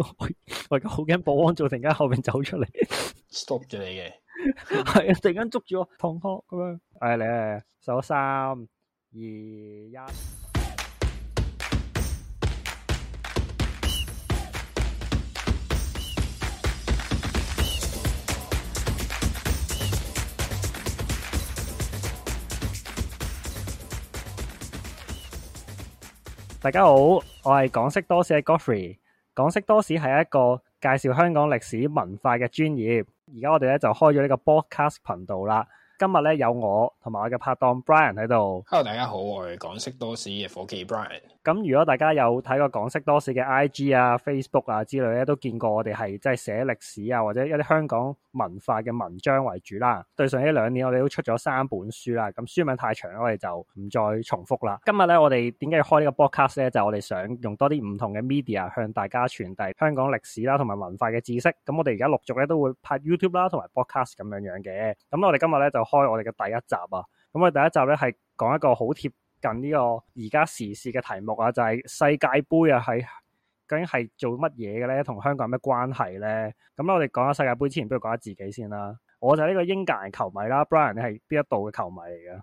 我而家好驚保安，突然間後邊走出嚟，stop 住你嘅。係啊，突然間捉住我，躺殼咁樣，嚟嚟嚟，數三二一。大家好，我係港識多史 Godfrey。港識多史係一個介紹香港歷史文化嘅專頁，而家我哋呢就開咗呢個 broadcast 頻道啦。今日咧有我同埋我嘅拍檔 Brian 喺度。Hello，大家好，我係港識多史嘅夥計 Brian。咁如果大家有睇過港識多史嘅 IG 啊、Facebook 啊之類咧，都見過我哋係即係寫歷史啊，或者一啲香港文化嘅文章為主啦。對上呢兩年，我哋都出咗三本書啦。咁書名太長，我哋就唔再重複啦。今日咧，我哋點解要開個呢個 broadcast 咧？就係，我哋想用多啲唔同嘅 media 向大家傳遞香港歷史啦，同埋文化嘅知識。咁我哋而家陸續咧都會拍 YouTube 啦，同埋 broadcast 咁樣樣嘅。咁我哋今日咧就。開我哋嘅第一集啊！咁我哋第一集咧係講一個好貼近呢個而家時事嘅題目啊，就係世界盃啊，係究竟係做乜嘢嘅咧？同香港有咩關係咧？咁我哋講下世界盃之前，不如講下自己先啦。我就係呢個英格蘭球迷啦，Brian 你係邊一度嘅球迷嚟嘅？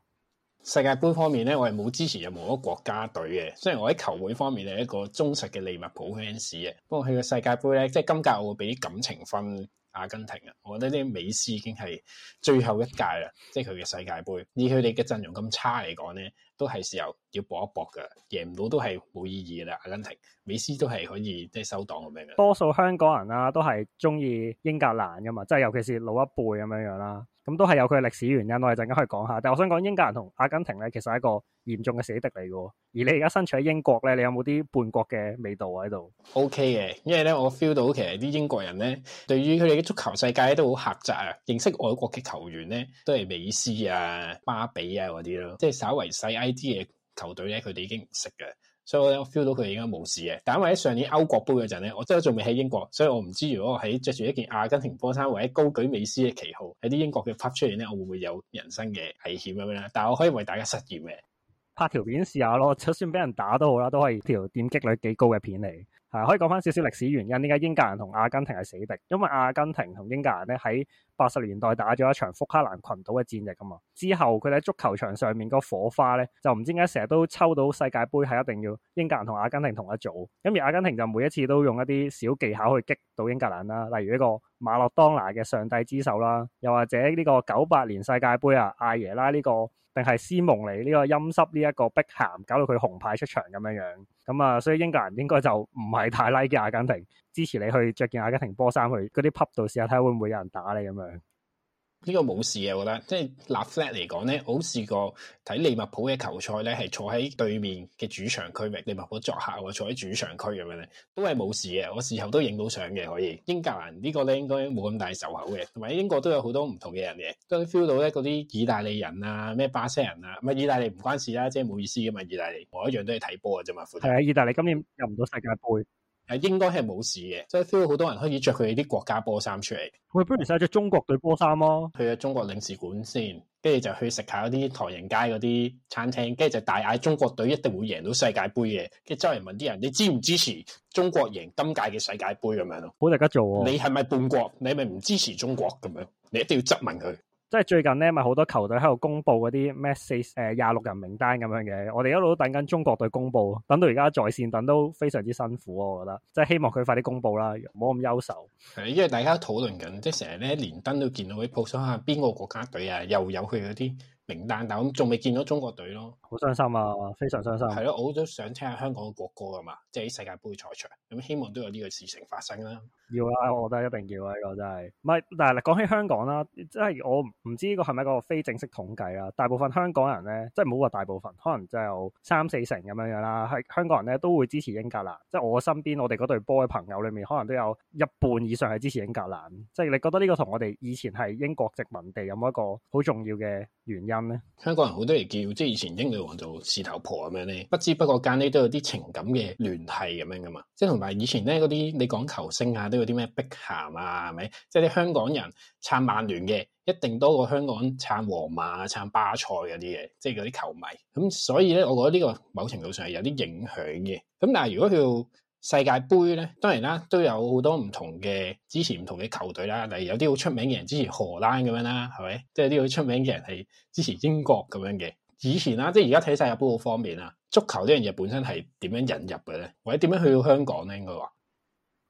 世界盃方面咧，我係冇支持任何國家隊嘅。雖然我喺球會方面係一個忠實嘅利物浦 fans，不過佢個世界盃咧，即係今屆我會俾啲感情分。阿根廷啊，我覺得呢美斯已經係最後一屆啦，即係佢嘅世界盃。以佢哋嘅陣容咁差嚟講咧，都係時候要搏一搏㗎，贏唔到都係冇意義嘅啦。阿根廷，美斯都係可以即係收檔咁樣樣。多數香港人啦、啊，都係鍾意英格蘭嘅嘛，即係尤其是老一輩咁樣樣啦。咁都係有佢嘅歷史原因，我哋陣間可以講下。但係我想講，英格蘭同阿根廷咧，其實係一個嚴重嘅死敵嚟嘅。而你而家身處喺英國咧，你有冇啲叛國嘅味道喺度？O K 嘅，因為咧我 feel 到其實啲英國人咧，對於佢哋嘅足球世界都好狹窄啊。認識外國嘅球員咧，都係美斯啊、巴比啊嗰啲咯，即係稍為細 I D 嘅球隊咧，佢哋已經唔識嘅。所以我 feel 到佢哋應該冇事嘅，但係因為喺上年歐國杯嗰陣咧，我真係仲未喺英國，所以我唔知如果我喺着住一件阿根廷波衫或者高舉美斯嘅旗號喺啲英國嘅 pub 出現咧，我會唔會有人生嘅危險咁樣咧？但係我可以為大家實驗嘅，拍條片試下咯，就算俾人打都好啦，都可以條點擊率幾高嘅片嚟。啊，可以講翻少少歷史原因，點解英格蘭同阿根廷係死敵？因為阿根廷同英格蘭咧喺八十年代打咗一場福克蘭群島嘅戰役啊嘛，之後佢喺足球場上面嗰火花咧，就唔知點解成日都抽到世界盃係一定要英格蘭同阿根廷同一組，咁而阿根廷就每一次都用一啲小技巧去擊到英格蘭啦，例如呢個馬勒當拿嘅上帝之手啦，又或者呢個九八年世界盃啊，阿耶拉呢個，定係斯蒙尼呢個陰濕呢一個碧咸，搞到佢紅牌出場咁樣樣。咁啊、嗯，所以英格蘭應該就唔係太 like 嘅阿根廷，支持你去着件阿根廷波衫去啲 pub 度試下睇下會唔會有人打你咁樣。呢個冇事嘅，我覺得即係立 flat 嚟講咧，我試過睇利物浦嘅球賽咧，係坐喺對面嘅主場區域，利物浦作客，我坐喺主場區咁樣咧，都係冇事嘅。我事後都影到相嘅，可以。英格蘭呢個咧，應該冇咁大仇口嘅，同埋英國都有好多唔同嘅人嘅，都 feel 到咧嗰啲意大利人啊，咩巴西人啊，唔係意大利唔關事啦，即係冇意思噶嘛。意大利我一樣都係睇波嘅啫嘛。係啊，意大利今年入唔到世界盃。係應該係冇事嘅，即係 feel 好多人可以着佢啲國家波衫出嚟。我不如晒着中國隊波衫咯，去咗中國領事館先，跟住就去食下嗰啲唐人街嗰啲餐廳，跟住就大嗌中國隊一定會贏到世界盃嘅。跟住周圍問啲人，你支唔支持中國贏今屆嘅世界盃咁樣咯。好大家做，哦，你係咪叛國？你咪唔支持中國咁樣？你一定要質問佢。即係最近咧，咪好多球隊喺度公布嗰啲 message 誒廿六人名單咁樣嘅。我哋一路等緊中國隊公布，等到而家在，在線等都非常之辛苦，我覺得，即係希望佢快啲公布啦，唔好咁憂愁。係，因為大家都討論緊，即係成日咧連登都見到佢，報章下邊個國家隊啊，又有佢嗰啲名單，但係咁仲未見到中國隊咯，好傷心啊，非常傷心。係咯，我都想聽下香港嘅國歌啊嘛，即係喺世界盃嘅賽場，咁希望都有呢個事情發生啦。要啦、啊，我覺得一定要呢、啊這個真係。唔係，但係講起香港啦、啊，即係我唔知呢個係咪一個非正式統計啦、啊。大部分香港人咧，即係唔好話大部分，可能就有三四成咁樣樣、啊、啦。係香港人咧都會支持英格蘭。即係我身邊我哋嗰隊波嘅朋友裡面，可能都有一半以上係支持英格蘭。即係你覺得呢個同我哋以前係英國殖民地有冇一個好重要嘅原因咧？香港人好多嘢叫，即係以前英女王做事頭婆咁樣咧，不知不覺間呢都有啲情感嘅聯繫咁樣噶嘛。即係同埋以前咧嗰啲，你講球星啊都。嗰啲咩碧咸啊，係咪？即係啲香港人撐曼聯嘅，一定多過香港撐皇馬、撐巴塞嗰啲嘅，即係嗰啲球迷。咁所以咧，我覺得呢個某程度上係有啲影響嘅。咁但係如果叫世界盃咧，當然啦，都有好多唔同嘅支持唔同嘅球隊啦。例如有啲好出名嘅人支持荷蘭咁樣啦，係咪？即係啲好出名嘅人係支持英國咁樣嘅。以前啦，即係而家睇世界盃好方便啦，足球呢樣嘢本身係點樣引入嘅咧，或者點樣去到香港咧，應該話。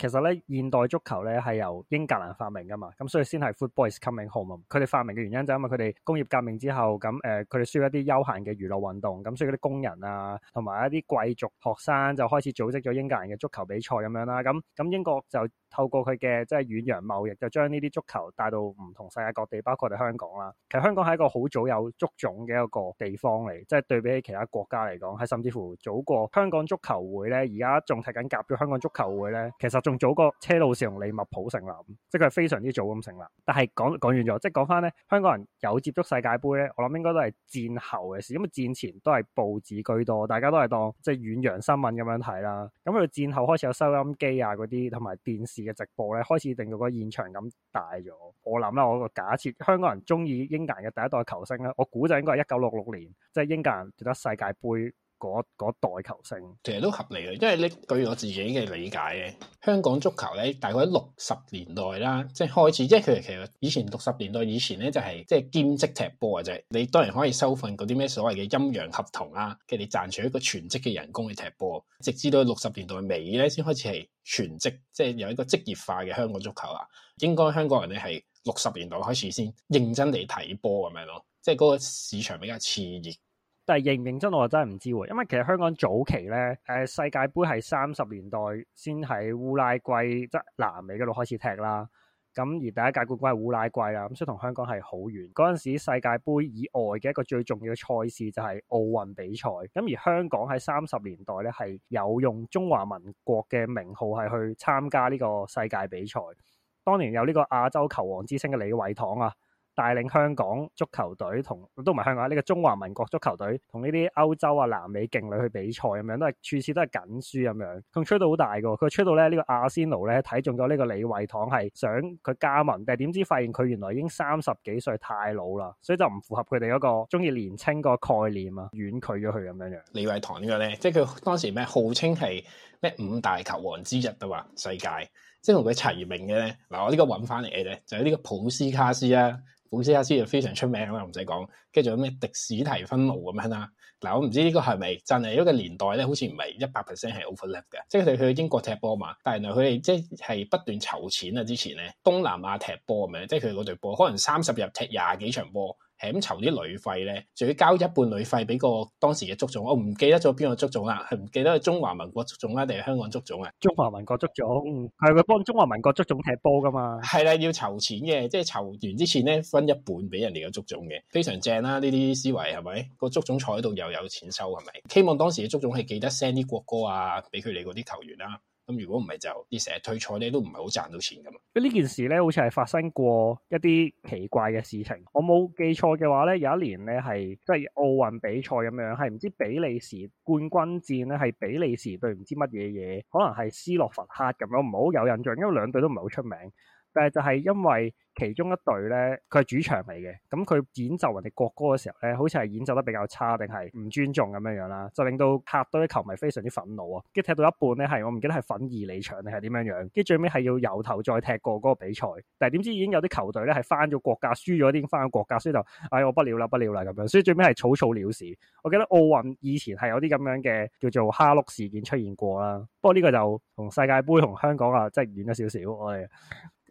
其實咧，現代足球咧係由英格蘭發明噶嘛，咁所以先係 football is coming home。佢哋發明嘅原因就係因為佢哋工業革命之後，咁誒佢哋需要一啲休閒嘅娛樂運動，咁所以嗰啲工人啊，同埋一啲貴族學生就開始組織咗英格蘭嘅足球比賽咁樣啦。咁咁英國就。透過佢嘅即係遠洋貿易，就將呢啲足球帶到唔同世界各地，包括我哋香港啦。其實香港係一個好早有足種嘅一個地方嚟，即係對比起其他國家嚟講，係甚至乎早過香港足球會咧。而家仲踢緊甲組香港足球會咧，其實仲早過車路士同利物浦成立，即成立，即係佢係非常之早咁成立。但係講講遠咗，即係講翻咧，香港人有接觸世界盃咧，我諗應該都係戰後嘅事，因為戰前都係報紙居多，大家都係當即係遠洋新聞咁樣睇啦。咁佢到戰後開始有收音機啊嗰啲，同埋電視嘅直播咧，開始令到個現場咁大咗。我諗啦，我個假設香港人中意英格蘭嘅第一代球星啦，我估就應該係一九六六年，即係英格蘭奪得世界盃。嗰代球星，其實都合理嘅，因為咧，據我自己嘅理解咧，香港足球咧大概六十年代啦，即係開始，即係佢哋其實以前六十年代以前咧就係即係兼職踢波嘅啫，你當然可以收份嗰啲咩所謂嘅陰陽合同啦，跟住你賺取一個全職嘅人工去踢波，直至到六十年代尾咧先開始係全職，即係有一個職業化嘅香港足球啦。應該香港人咧係六十年代開始先認真嚟睇波咁樣咯，即係嗰個市場比較熾熱。係認唔認真，我真係唔知喎。因為其實香港早期咧，誒世界盃係三十年代先喺烏拉圭即係南美嗰度開始踢啦。咁而第一屆冠軍係烏拉圭啊，咁所以同香港係好遠。嗰陣時世界盃以外嘅一個最重要嘅賽事就係奧運比賽。咁而香港喺三十年代咧係有用中華民國嘅名號係去參加呢個世界比賽。當年有呢個亞洲球王之稱嘅李惠堂啊。帶領香港足球隊同都唔係香港呢，這個中華民國足球隊同呢啲歐洲啊、南美勁旅去比賽咁樣，都係處處都係緊輸咁樣。佢吹到好大噶，佢吹到咧呢個阿仙奴咧睇中咗呢個李惠堂係想佢加盟，但係點知發現佢原來已經三十幾歲太老啦，所以就唔符合佢哋嗰個中意年青個概念啊，婉拒咗佢咁樣樣。李惠堂呢個咧，即係佢當時咩號稱係咩五大球王之一噶嘛，世界即係同佢齊名嘅咧。嗱，我個呢個揾翻嚟嘅咧，就係、是、呢個普斯卡斯啊。古斯卡斯就非常出名啦，唔使講，跟住仲有咩迪士提芬奴咁樣啦。嗱，我唔知呢個係咪真係，因為年代咧好似唔係一百 percent 係 overlap 嘅，即係佢哋去英國踢波嘛。但原來佢哋即係不斷籌錢啊！之前咧東南亞踢波咁樣，即係佢哋嗰隊波可能三十日踢廿幾場波。係咁籌啲旅費咧，就要交一半旅費俾個當時嘅足總，我、哦、唔記得咗邊個足總啦，係唔記得係中華民國足總啦，定係香港足總啊？中華民國足總，係佢幫中華民國足總踢波噶嘛？係啦，要籌錢嘅，即係籌完之前咧，分一半俾人哋個足總嘅，非常正啦、啊！呢啲思維係咪個足總坐喺度又有錢收係咪？希望當時嘅足總係記得 send 啲國歌啊，俾佢哋嗰啲球員啦、啊。咁如果唔係就你成日退賽咧都唔係好賺到錢咁嘛。呢件事咧好似係發生過一啲奇怪嘅事情。我冇記錯嘅話咧，有一年咧係即係奧運比賽咁樣，係唔知比利時冠軍戰咧係比利時對唔知乜嘢嘢，可能係斯洛伐克咁樣，唔係好有印象，因為兩隊都唔係好出名。但係就係因為其中一隊咧，佢係主場嚟嘅，咁、嗯、佢演奏人哋國歌嘅時候咧，好似係演奏得比較差，定係唔尊重咁樣樣啦，就令到客隊嘅球迷非常之憤怒啊！跟住踢到一半咧，係我唔記得係憤而離場定係點樣樣，跟住最尾係要由頭再踢過嗰個比賽。但係點知已經有啲球隊咧係翻咗國家，輸咗啲翻咗國家，所以就唉、哎，我不了啦，不了啦咁樣，所以最尾係草草了事。我記得奧運以前係有啲咁樣嘅叫做哈碌事件出現過啦，不過呢個就同世界盃同香港啊，即係遠咗少少，我哋。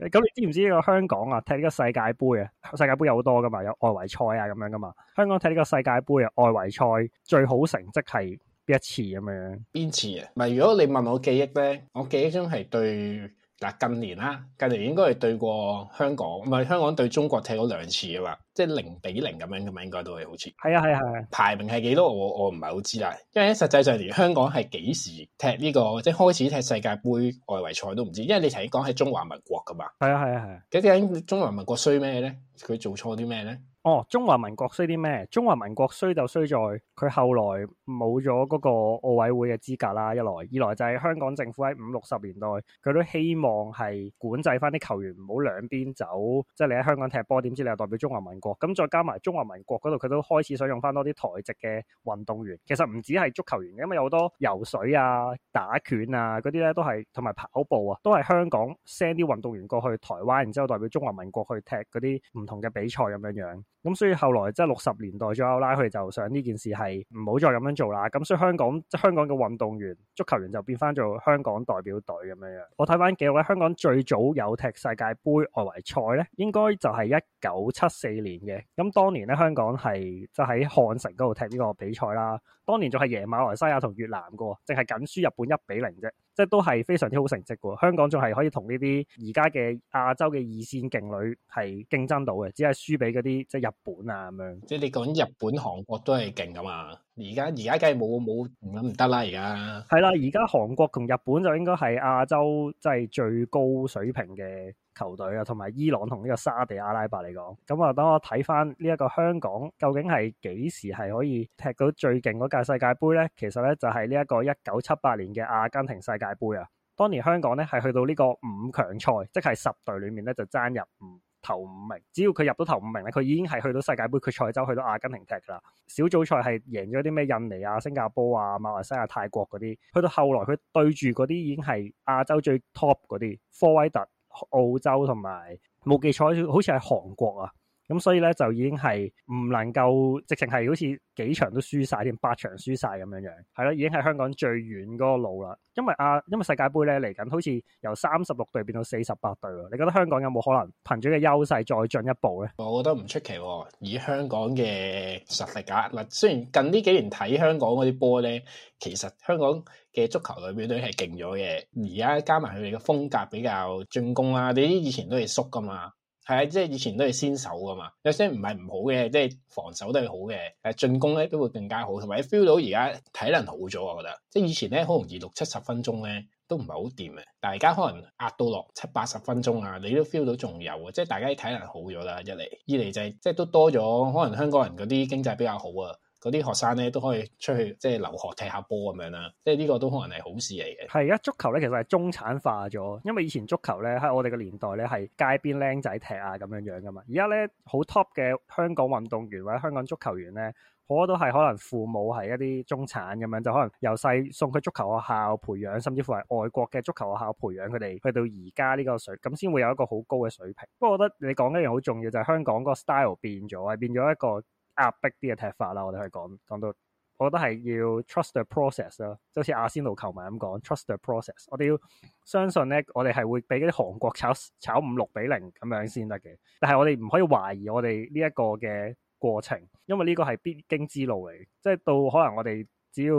咁你知唔知呢個香港啊踢呢個世界盃啊？世界盃有好多噶嘛，有外圍賽啊咁樣噶嘛。香港踢呢個世界盃啊，外圍賽最好成績係邊一次咁樣？邊次啊？唔係，如果你問我記憶咧，我記憶中係對。嗱近年啦，近年應該係對過香港，唔係香港對中國踢咗兩次啊嘛，即係零比零咁樣咁樣，應該都係好似。係啊係係係。排名係幾多？我我唔係好知啦，因為實際上連香港係幾時踢呢個即係開始踢世界盃外圍賽都唔知，因為你頭先講係中華民國噶嘛。係啊係啊係啊。咁啲人中華民國衰咩咧？佢做錯啲咩咧？哦，中華民國衰啲咩？中華民國衰就衰在佢後來冇咗嗰個奧委會嘅資格啦。一來二來就係香港政府喺五六十年代，佢都希望係管制翻啲球員唔好兩邊走，即係你喺香港踢波，點知你又代表中華民國。咁再加埋中華民國嗰度，佢都開始想用翻多啲台籍嘅運動員。其實唔止係足球員嘅，因為有好多游水啊、打拳啊嗰啲咧，都係同埋跑步啊，都係香港 send 啲運動員過去台灣，然之後代表中華民國去踢嗰啲唔同嘅比賽咁樣樣。咁所以後來即係六十年代左右啦，佢哋就想呢件事係唔好再咁樣做啦。咁所以香港即香港嘅運動員、足球員就變翻做香港代表隊咁樣樣。我睇翻記錄香港最早有踢世界盃外圍賽咧，應該就係一九七四年嘅。咁當年咧，香港係就喺、是、漢城嗰度踢呢個比賽啦。當年就係贏馬來西亞同越南嘅，淨係僅輸日本一比零啫。即都係非常之好成績嘅喎，香港仲係可以同呢啲而家嘅亞洲嘅二線勁旅係競爭到嘅，只係輸俾嗰啲即日本啊咁樣。即你講日本、韓國都係勁㗎嘛？而家而家梗係冇冇唔得啦！而家係啦，而家韓國同日本就應該係亞洲即最高水平嘅。球隊啊，同埋伊朗同呢個沙地阿拉伯嚟講，咁啊，等我睇翻呢一個香港究竟係幾時係可以踢到最勁嗰屆世界盃呢？其實呢，就係呢一個一九七八年嘅阿根廷世界盃啊。當年香港呢係去到呢個五強賽，即係十隊裡面呢就爭入五頭五名。只要佢入到頭五名呢，佢已經係去到世界盃決賽周去到阿根廷踢㗎啦。小組賽係贏咗啲咩？印尼啊、新加坡啊、馬來西亞、泰國嗰啲，去到後來佢對住嗰啲已經係亞洲最 top 嗰啲科威特。澳洲同埋冇記錯好似喺韓國啊，咁所以咧就已經係唔能夠直情係好似幾場都輸晒添，八場輸晒咁樣樣，係咯，已經係香港最遠嗰個路啦。因為啊，因為世界盃咧嚟緊好似由三十六隊變到四十八隊咯。你覺得香港有冇可能憑住嘅優勢再進一步咧？我覺得唔出奇喎，以香港嘅實力啊，嗱，雖然近呢幾年睇香港嗰啲波咧，其實香港。嘅足球裡邊都係勁咗嘅，而家加埋佢哋嘅風格比較進攻啦、啊，你啲以前都係縮噶嘛，係啊，即係以前都係先守噶嘛，有啲唔係唔好嘅，即係防守都係好嘅，誒進攻咧都會更加好，同埋你 feel 到而家體能好咗我覺得即係以前咧好容易六七十分鐘咧都唔係好掂嘅，但係而家可能壓到落七八十分鐘啊，你都 feel 到仲有啊，即係大家體能好咗啦，一嚟二嚟就係、是、即係都多咗，可能香港人嗰啲經濟比較好啊。嗰啲學生咧都可以出去即係留學踢下波咁樣啦，即係呢個都可能係好事嚟嘅。係而家足球咧，其實係中產化咗，因為以前足球咧喺我哋嘅年代咧係街邊僆仔踢啊咁樣樣噶嘛。而家咧好 top 嘅香港運動員或者香港足球員咧，好多都係可能父母係一啲中產咁樣，就可能由細送去足球學校培養，甚至乎係外國嘅足球學校培養佢哋，去到而家呢個水咁先會有一個好高嘅水平。不過我覺得你講一樣好重要，就係、是、香港個 style 變咗，係變咗一個。壓逼啲嘅踢法啦，我哋可以講講到，我覺得係要 trust the process 啦，就好似阿仙奴球迷咁講，trust the process。我哋要相信咧，我哋係會俾啲韓國炒炒五六比零咁樣先得嘅。但係我哋唔可以懷疑我哋呢一個嘅過程，因為呢個係必經之路嚟。即係到可能我哋只要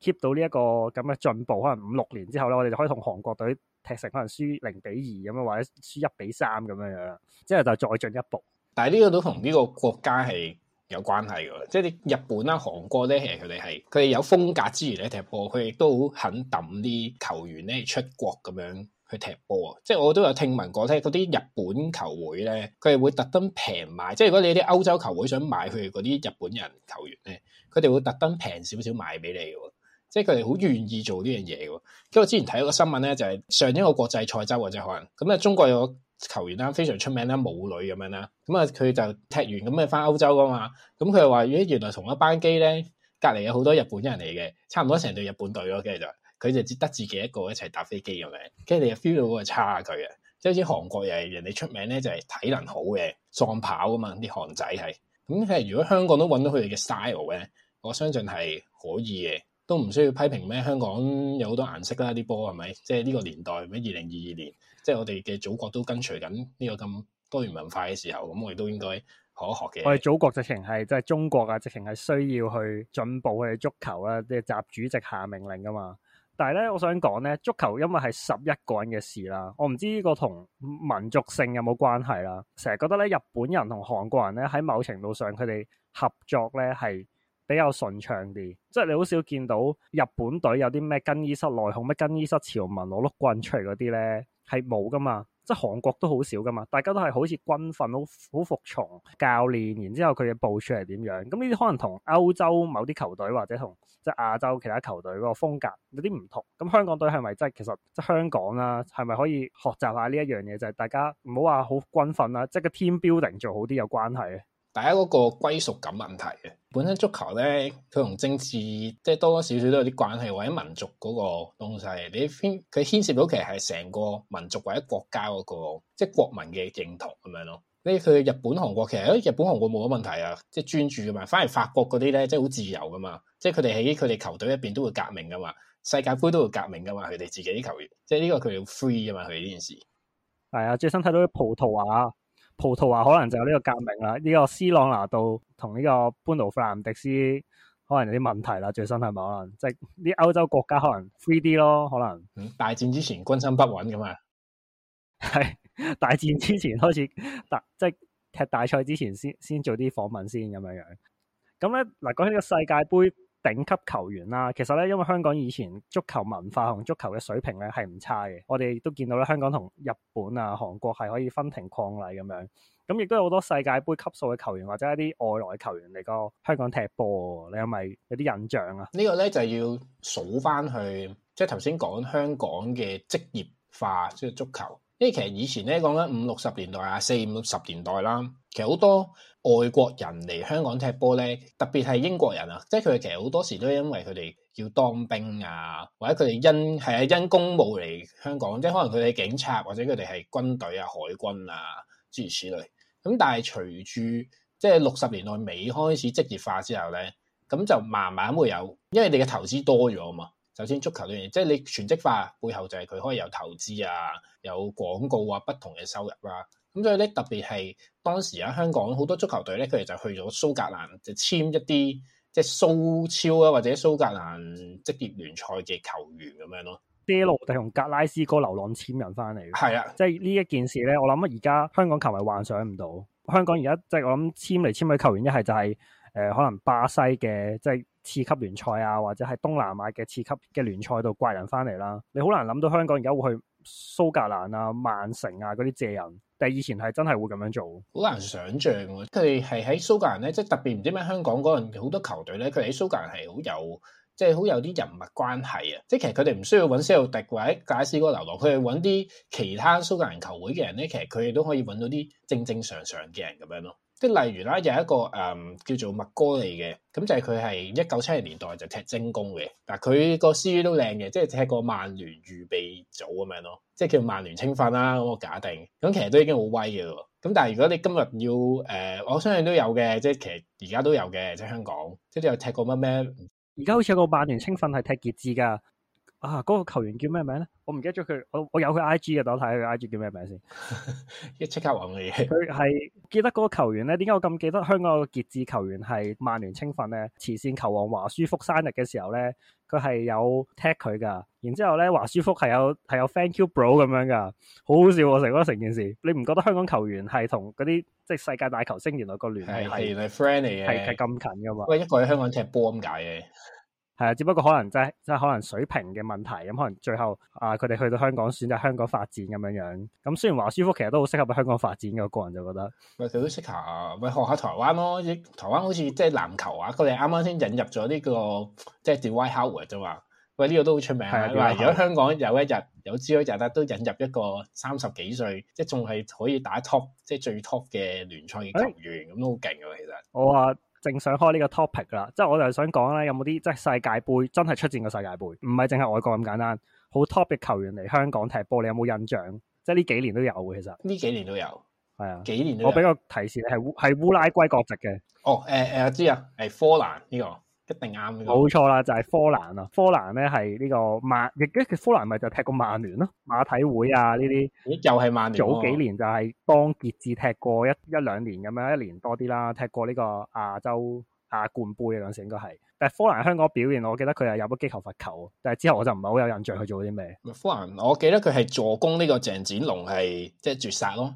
keep 到呢一個咁嘅進步，可能五六年之後咧，我哋就可以同韓國隊踢成可能輸零比二咁樣，或者輸一比三咁樣樣，之後就再進一步。但係呢個都同呢個國家係。有關係嘅，即係啲日本啦、韓國咧，其實佢哋係佢哋有風格之餘咧，踢波，佢哋都好肯抌啲球員咧出國咁樣去踢波啊！即係我都有聽聞過，聽嗰啲日本球會咧，佢哋會特登平買，即係如果你啲歐洲球會想買佢嗰啲日本人球員咧，佢哋會特登平少少買俾你嘅，即係佢哋好願意做呢樣嘢嘅。因為我之前睇個新聞咧，就係、是、上一個國際賽週嘅可能，咁咧中國有。球員啦，非常出名啦，舞女咁樣啦。咁啊，佢就踢完咁啊，翻歐洲噶嘛。咁佢係話咦，原來同一班機咧，隔籬有好多日本人嚟嘅，差唔多成隊日本隊咯。跟住就佢就只得自己一個一齊搭飛機咁樣，跟住你又 feel 到嗰個差距啊。即係好似韓國又係人哋出名咧，就係體能好嘅撞跑噶嘛啲韓仔係咁。其實如果香港都揾到佢哋嘅 style 咧，我相信係可以嘅。都唔需要批評咩？香港有好多顏色啦，啲波係咪？即係呢個年代，咩二零二二年，即係我哋嘅祖國都跟隨緊呢個咁多元文化嘅時候，咁我哋都應該可學嘅。我哋祖國直情係即係中國啊，直情係需要去進步嘅足球啦，即係習主席下命令噶嘛。但係咧，我想講咧，足球因為係十一個人嘅事啦，我唔知呢個同民族性有冇關係啦。成日覺得咧，日本人同韓國人咧，喺某程度上佢哋合作咧係。比較順暢啲，即係你好少見到日本隊有啲咩更衣室內控、咩更衣室潮民攞碌棍出嚟嗰啲咧，係冇噶嘛。即係韓國都好少噶嘛，大家都係好似軍訓好好服從教練，然之後佢嘅部署係點樣？咁呢啲可能同歐洲某啲球隊或者同即係亞洲其他球隊嗰個風格有啲唔同。咁香港隊係咪即係其實即係香港啦、啊，係咪可以學習下呢一樣嘢？就係、是、大家唔好話好軍訓啦，即、就、係、是、個 team building 做好啲有關係。大家嗰個歸屬感問題嘅，本身足球咧，佢同政治即係多多少少都有啲關係，或者民族嗰個東西，你牽佢牽涉到其實係成個民族或者國家嗰、嗰個即係國民嘅認同咁樣咯。你去日本、韓國其實喺、哎、日本、韓國冇乜問題啊，即係專注噶嘛，反而法國嗰啲咧即係好自由噶嘛，即係佢哋喺佢哋球隊入邊都會革命噶嘛，世界盃都會革命噶嘛，佢哋自己啲球員，即係呢個佢哋 free 噶嘛，佢哋呢件事係啊，最新睇到啲葡萄牙、啊。葡萄牙可能就有呢個革命啦，呢、這個斯朗拿度同呢個布諾弗蘭迪斯可能有啲問題啦，最新係咪？可能即係啲歐洲國家可能 free 啲咯，可能、嗯。大戰之前軍心不穩咁啊！係 大戰之前開始打，即係踢大賽之前先先做啲訪問先咁樣樣。咁咧嗱，講起呢個世界盃。頂級球員啦，其實咧，因為香港以前足球文化同足球嘅水平咧係唔差嘅，我哋亦都見到咧，香港同日本啊、韓國係可以分庭抗禮咁樣，咁、嗯、亦都有好多世界盃級數嘅球員或者一啲外來球員嚟過香港踢波，你係咪有啲印象啊？個呢個咧就係、要數翻去，即係頭先講香港嘅職業化，即、就、係、係、足球。因為其實以前咧，講緊五六十年代啊、四五六十年代啦，其實好多外國人嚟香港踢波咧，特別係英國人啊，即係佢哋其實好多時都因為佢哋要當兵啊，或者佢哋因係啊，因公務嚟香港，即係可能佢哋係警察，或者佢哋係軍隊啊、海軍啊、諸如此類。咁但係隨住即係六十年代尾開始職業化之後咧，咁就慢慢會有，因為你嘅投資多咗啊嘛。首先足球呢樣嘢，即係你全職化背後就係佢可以有投資啊，有廣告啊，不同嘅收入啦、啊。咁所以咧特別係當時喺香港好多足球隊咧，佢哋就去咗蘇格蘭，就簽一啲即係蘇超啊或者蘇格蘭職業聯賽嘅球員咁樣咯。啲路就用格拉斯哥流浪簽人翻嚟，係啊，即係呢一件事咧，我諗而家香港球迷幻想唔到，香港而家即係我諗簽嚟簽去球員一係就係、就係。誒、呃、可能巴西嘅即係次級聯賽啊，或者係東南亞嘅次級嘅聯賽度拐人返嚟啦。你好難諗到香港而家會去蘇格蘭啊、曼城啊嗰啲借人，但係以前係真係會咁樣做，好難想像喎。佢哋係喺蘇格蘭咧，即係特別唔知咩香港嗰陣好多球隊咧，佢喺蘇格蘭係好有，即係好有啲人物關係啊。即係其實佢哋唔需要揾西奧迪或者加斯哥流浪，佢哋揾啲其他蘇格蘭球會嘅人咧，其實佢哋都可以揾到啲正正常常嘅人咁樣咯。即係例如啦，有一個誒、嗯、叫做麥哥嚟嘅，咁就係佢係一九七零年代就踢精工嘅嗱，佢個 CV 都靚嘅，即係踢過曼聯預備組咁樣咯，即係叫曼聯青訓啦，咁我假定，咁其實都已經好威嘅咯。咁但係如果你今日要誒、呃，我相信都有嘅，即係其實而家都有嘅，即係香港，即係有踢過乜咩？而家好似有個曼聯青訓係踢傑志噶。啊！嗰、那個球員叫咩名咧？我唔記， 記得咗佢。我我有佢 I G 嘅，等我睇下佢 I G 叫咩名先。一即刻忘嘅嘢。佢係記得嗰個球員咧？點解我咁記得香港個傑志球員係曼聯青訓咧？慈善球王華舒福生日嘅時候咧，佢係有踢佢噶。然之後咧，華舒福係有係有 thank you bro 咁樣噶，好好笑成、啊、個成件事。你唔覺得香港球員係同嗰啲即係世界大球星原來個聯繫係 friend 嚟嘅，係咁近噶嘛？喂，一個喺香港踢波咁解嘅。係啊，只不過可能即係即係可能水平嘅問題，咁、嗯、可能最後啊佢哋去到香港選擇香港發展咁樣樣。咁雖然話舒福其實都好適合喺香港發展嘅，我個人就覺得喂，佢都適合，喂，學下台灣咯。台灣好似即係籃球啊，佢哋啱啱先引入咗呢、這個即係 Dwight Howard 啫嘛。喂，呢、這個都好出名啊。嗱的，啊、如果香港有一日有朝一日咧，都引入一個三十幾歲，即係仲係可以打 top，即係最 top 嘅聯賽嘅球員，咁、欸、都好勁嘅其實。我啊～正想開呢個 topic 啦，即係我就係想講咧，有冇啲即係世界杯真係出戰過世界杯，唔係淨係外國咁簡單。好 topic 球員嚟香港踢波，你有冇印象？即係呢幾年都有嘅，其實呢幾年都有，係啊的，幾年都有。我俾個提示你，係烏係烏拉圭國籍嘅。哦，誒、欸、誒，我、啊、知啊，係科蘭呢個。一定啱嘅，冇錯啦，就係、是、科蘭啊，科蘭咧係呢、這個曼，亦咧科蘭咪就踢過曼聯咯，馬體會啊呢啲，又係曼聯。早幾年就係當傑志踢過一、一兩年咁樣，一年多啲啦，踢過呢個亞洲亞冠杯嗰陣時應該係。但係科蘭香港表現，我記得佢係入咗擊球罰球，但係之後我就唔係好有印象佢做啲咩。科蘭，我記得佢係助攻呢個鄭展龍係即係絕殺咯，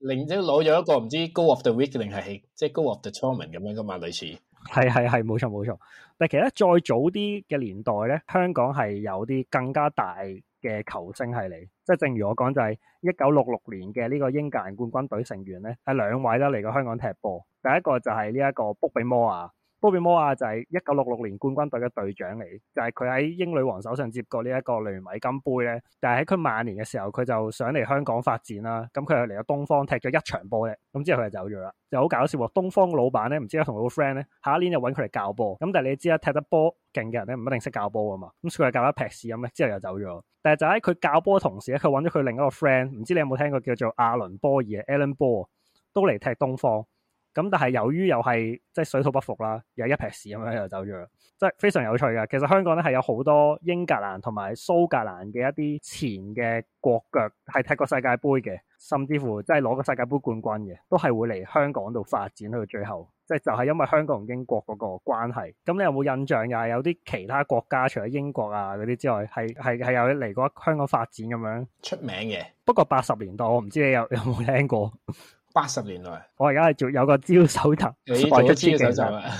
另即攞咗一個唔知 Goal of the Week 定係即係 Goal of the Tournament 咁樣噶嘛類似。係係係冇錯冇錯，但其實再早啲嘅年代咧，香港係有啲更加大嘅球星係嚟，即係正如我講就係一九六六年嘅呢個英格蘭冠軍隊成員咧，係兩位都嚟過香港踢波，第一個就係呢一個波比摩亞。波比摩亞就係一九六六年冠軍隊嘅隊長嚟，就係佢喺英女王手上接過呢一個雷米金杯咧。但係喺佢晚年嘅時候，佢就想嚟香港發展啦。咁佢又嚟咗東方踢咗一場波咧。咁之後佢就走咗啦，就好搞笑喎、啊！東方嘅老闆咧，唔知咧同佢個 friend 咧，下一年就揾佢嚟教波。咁但係你知啦，踢得波勁嘅人咧，唔一定識教波啊嘛。咁佢又教得劈屎咁咧，之後又走咗。但係就喺佢教波同時咧，佢揾咗佢另一個 friend，唔知你有冇聽過叫做亞倫波爾嘅 Alan Ball 都嚟踢東方。咁但係由於又係即係水土不服啦，又一劈屎咁樣又走咗，即係非常有趣嘅。其實香港咧係有好多英格蘭同埋蘇格蘭嘅一啲前嘅國腳係踢過世界盃嘅，甚至乎即係攞過世界盃冠軍嘅，都係會嚟香港度發展去到最後。即係就係、是、因為香港同英國嗰個關係。咁你有冇印象又係有啲其他國家除咗英國啊嗰啲之外，係係係有嚟過香港發展咁樣出名嘅？不過八十年代我唔知你有有冇聽過。 八十年代，我而家係做有個招手頭，我做招手頭啊，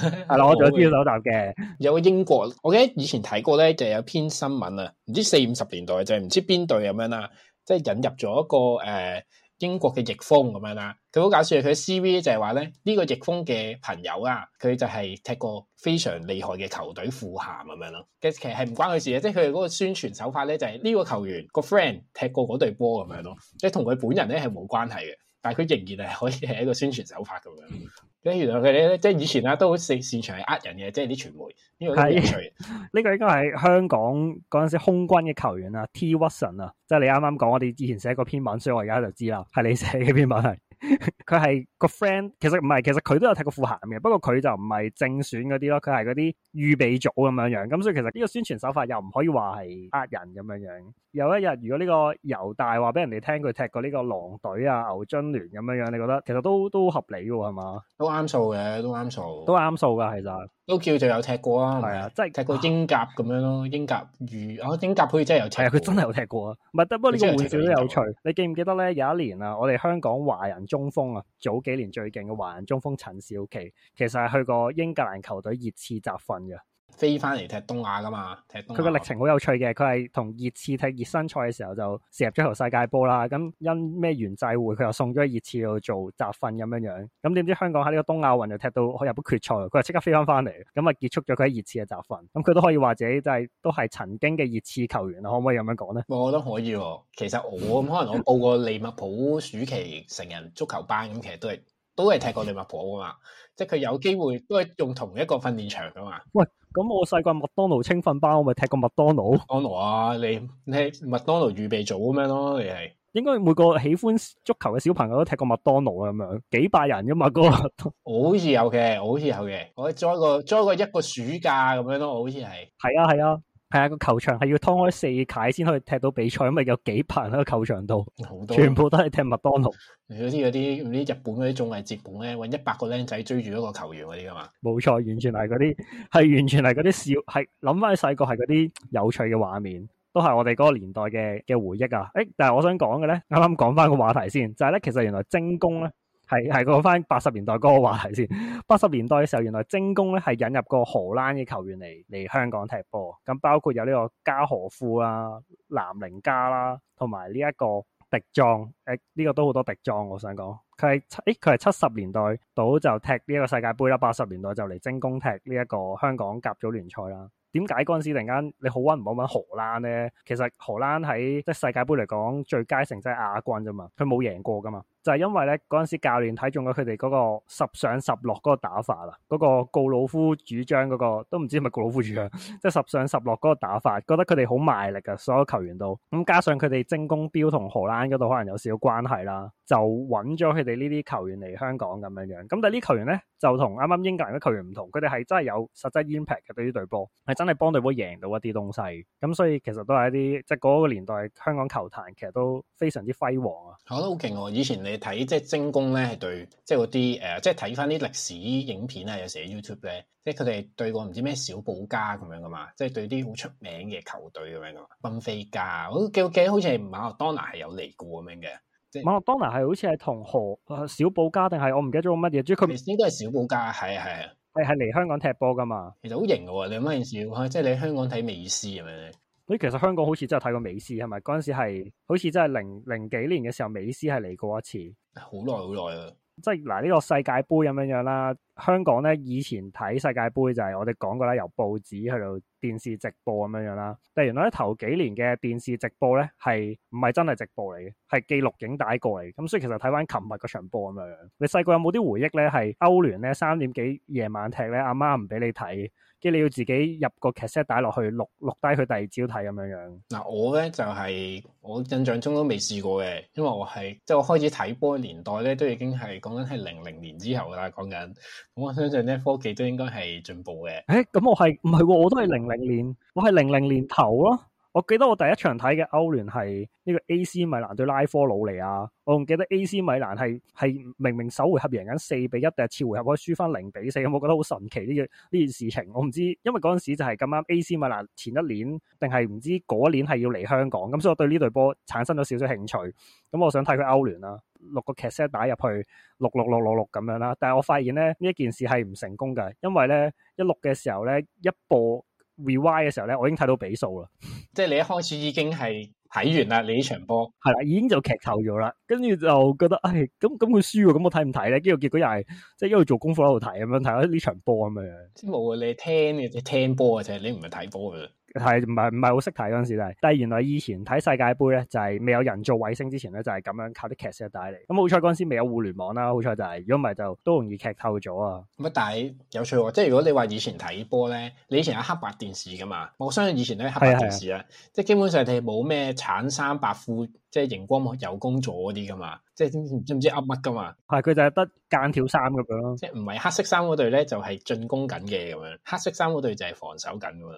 我做招手頭嘅。有個英國，我記得以前睇過咧，就是、有篇新聞啊，唔知四五十年代就係、是、唔知邊隊咁樣啦，即、就、係、是、引入咗一個誒、呃、英國嘅逆風咁樣啦。佢好搞笑，佢 C V 就係話咧呢、這個逆風嘅朋友啊，佢就係踢過非常厲害嘅球隊富咸咁樣咯。其實係唔關佢事嘅，即係佢嗰個宣傳手法咧就係、是、呢個球員個 friend 踢過嗰隊波咁樣咯，即係同佢本人咧係冇關係嘅。但係佢仍然係可以係一個宣傳手法咁樣，跟住、嗯、原來佢哋咧，即係以前啦，都好擅擅長係呃人嘅，即係啲傳媒呢、呢個有趣。呢 個應該係香港嗰陣時空軍嘅球員啦，T Watson 啊，即係你啱啱講，我哋之前寫過篇文，所以我而家就知啦，係你寫嘅篇文係。佢係 個 friend，其實唔係，其實佢都有踢過富咸嘅，不過佢就唔係正選嗰啲咯，佢係嗰啲預備組咁樣樣，咁所以其實呢個宣傳手法又唔可以話係呃人咁樣樣。有一日如果呢個猶大話俾人哋聽，佢踢過呢個狼隊啊、牛津聯咁樣樣，你覺得其實都都，都合理噶係嘛？都啱數嘅，都啱數，都啱數噶，其實。都叫做有踢過啊，係啊，即、就、係、是、踢過英甲咁樣咯，啊、英格如啊，英甲好似真係有、啊、有踢過啊，唔係，過不過、呢個玩笑都有趣。有你記唔記得咧？有一年啊，我哋香港華人中鋒啊，早幾年最勁嘅華人中鋒陳少琪，其實係去過英格蘭球隊熱刺集訓嘅。飛翻嚟踢東亞噶嘛。踢東亞，佢個歷程好有趣嘅，佢係同熱刺踢熱身賽嘅時候就射入咗條世界波啦，咁因咩緣際會佢又送咗去熱刺度做集訓咁樣樣，咁點知香港喺呢個東亞運就踢到入到決賽，佢又即刻飛翻翻嚟，咁啊結束咗佢喺熱刺嘅集訓，咁佢都可以話自己即係都係曾經嘅熱刺球員啊，可唔可以咁樣講咧？我覺得可以，其實我可能我報過利物浦暑期成人足球班，咁其實都係。都係踢過利物浦噶嘛，即係佢有機會都係用同一個訓練場噶嘛。喂，咁我細個麥當勞青訓班，我咪踢過麥當勞。麥當勞啊，你你麥當勞預備組咁樣咯，你係。應該每個喜歡足球嘅小朋友都踢過麥當勞啊，咁樣幾百人噶嘛嗰、嗰個。我好似有嘅，我好似有嘅，我再個再個一個暑假咁樣咯，我好似係。係啊，係啊。係啊，個球場係要拖開四階先可以踢到比賽，因為有幾百人喺個球場度，全部都係踢麥當勞。你好似啲嗰啲日本嗰啲綜藝節目咧，搵一百個僆仔追住一個球員嗰啲噶嘛？冇錯，完全係嗰啲，係完全係嗰啲笑，係諗翻起細個係嗰啲有趣嘅畫面，都係我哋嗰個年代嘅嘅回憶啊！誒，但係我想講嘅咧，啱啱講翻個話題先，就係、是、咧，其實原來精工咧。係係講翻八十年代嗰個話題先。八 十年代嘅時候，原來精工咧係引入過荷蘭嘅球員嚟嚟香港踢波。咁包括有呢個加荷夫啦、南寧加啦，同埋呢一個迪莊。誒、欸、呢、這個都好多迪莊、啊，我想講佢係七，誒佢係七十年代到就踢呢一個世界杯啦、啊。八十年代就嚟精工踢呢一個香港甲組聯賽啦。點解嗰陣時突然間你好揾唔好揾荷蘭咧？其實荷蘭喺即係世界杯嚟講，最佳成績係亞軍啫嘛，佢冇贏過噶嘛。就係因為咧，嗰陣時教練睇中咗佢哋嗰個十上十落嗰個打法啦，嗰、嗰個告老夫主張嗰、嗰個都唔知係咪告老夫主張， 即係十上十落嗰個打法，覺得佢哋好賣力噶，所有球員都咁。加上佢哋精工標同荷蘭嗰度可能有少少關係啦，就揾咗佢哋呢啲球員嚟香港咁樣樣，咁但係呢球員咧，就同啱啱英格蘭嘅球員唔同，佢哋係真係有實質 impact 嘅對於隊波，係真係幫隊波贏到一啲東西，咁所以其實都係一啲即係嗰個年代香港球壇其實都非常之輝煌啊，我覺得好勁喎，以前你。你睇即係精工咧，係對即係嗰啲誒，即係睇翻啲歷史影片啊，有時喺 YouTube 咧，即係佢哋對過唔知咩小保加咁樣噶嘛，即係對啲好出名嘅球隊咁樣噶嘛，賓菲加，我記記得好似係馬勒當拿係有嚟過咁樣嘅，即係馬勒當拿係好似係同何小保加定係我唔記得咗乜嘢，即係佢應該係小保加，係啊係啊，係係嚟香港踢波噶嘛，其實好型噶，你乜件事？即係你喺香港睇美斯係咪咧？所以其實香港好似真係睇過美斯係咪？嗰陣時係好似真係零零幾年嘅時候，美斯係嚟過一次。好耐好耐啊！即係嗱，呢個世界盃咁樣樣啦，香港呢，以前睇世界盃就係我哋講過啦，由報紙去到電視直播咁樣樣啦。但原來咧頭幾年嘅電視直播呢，係唔係真係直播嚟嘅，係記錄影帶過嚟嘅。咁所以其實睇翻琴日嗰場波咁樣樣，你細個有冇啲回憶呢？係歐聯呢，三點幾夜晚踢呢，阿媽唔俾你睇。即係你要自己入個劇 set 帶落去錄錄低佢第二朝睇咁樣樣。嗱，我咧就係、是、我印象中都未試過嘅，因為我係即係我開始睇波嘅年代咧都已經係講緊係零零年之後啦，講緊，咁我相信咧科技都應該係進步嘅。誒、欸，咁我係唔係喎？我都係零零年，我係零零年頭咯。我記得我第一場睇嘅歐聯係呢個 A.C. 米蘭對拉科魯尼亞，我仲記得 A.C. 米蘭係係明明首回合贏緊四比一，但係次回合可以輸翻零比四，咁我覺得好神奇呢嘢呢件事情。我唔知因為嗰陣時就係咁啱 A.C. 米蘭前一年定係唔知嗰一年係要嚟香港，咁所以我對呢隊波產生咗少少興趣。咁我想睇佢歐聯啦，六個 cassette 打入去六六六六六咁樣啦。但係我發現咧呢一件事係唔成功嘅，因為咧一錄嘅時候咧一播。Rewind 嘅時候咧，我已經睇到比數啦，即係你一開始已經係睇完啦。你呢場波係啦，已經就劇透咗啦，跟住就覺得唉，咁咁佢輸喎，咁我睇唔睇咧？跟住結果又係即係一路做功課喺度睇咁樣睇呢場波咁樣。即係冇啊，你聽嘅啫，聽波嘅啫，你唔係睇波嘅。係唔係？唔係好識睇嗰陣時，但係但係原來以前睇世界杯咧，就係、是、未有人造衛星之前咧，就係、是、咁樣靠啲劇社帶嚟。咁、嗯、好彩嗰陣時未有互聯網啦、啊，好彩就係，如果唔係就都容易劇透咗啊。咁啊，但係有趣喎、哦，即係如果你話以前睇波咧，你以前有黑白電視噶嘛？我相信以前都係黑白電視啊，是是即係基本上你冇咩橙衫白褲，即係熒光幕有工作嗰啲噶嘛，即係知唔知噏乜噶嘛？係佢就係得間條衫咁樣，即係唔係黑色衫嗰隊咧就係、是、進攻緊嘅咁樣，黑色衫嗰隊就係防守緊噶嘛。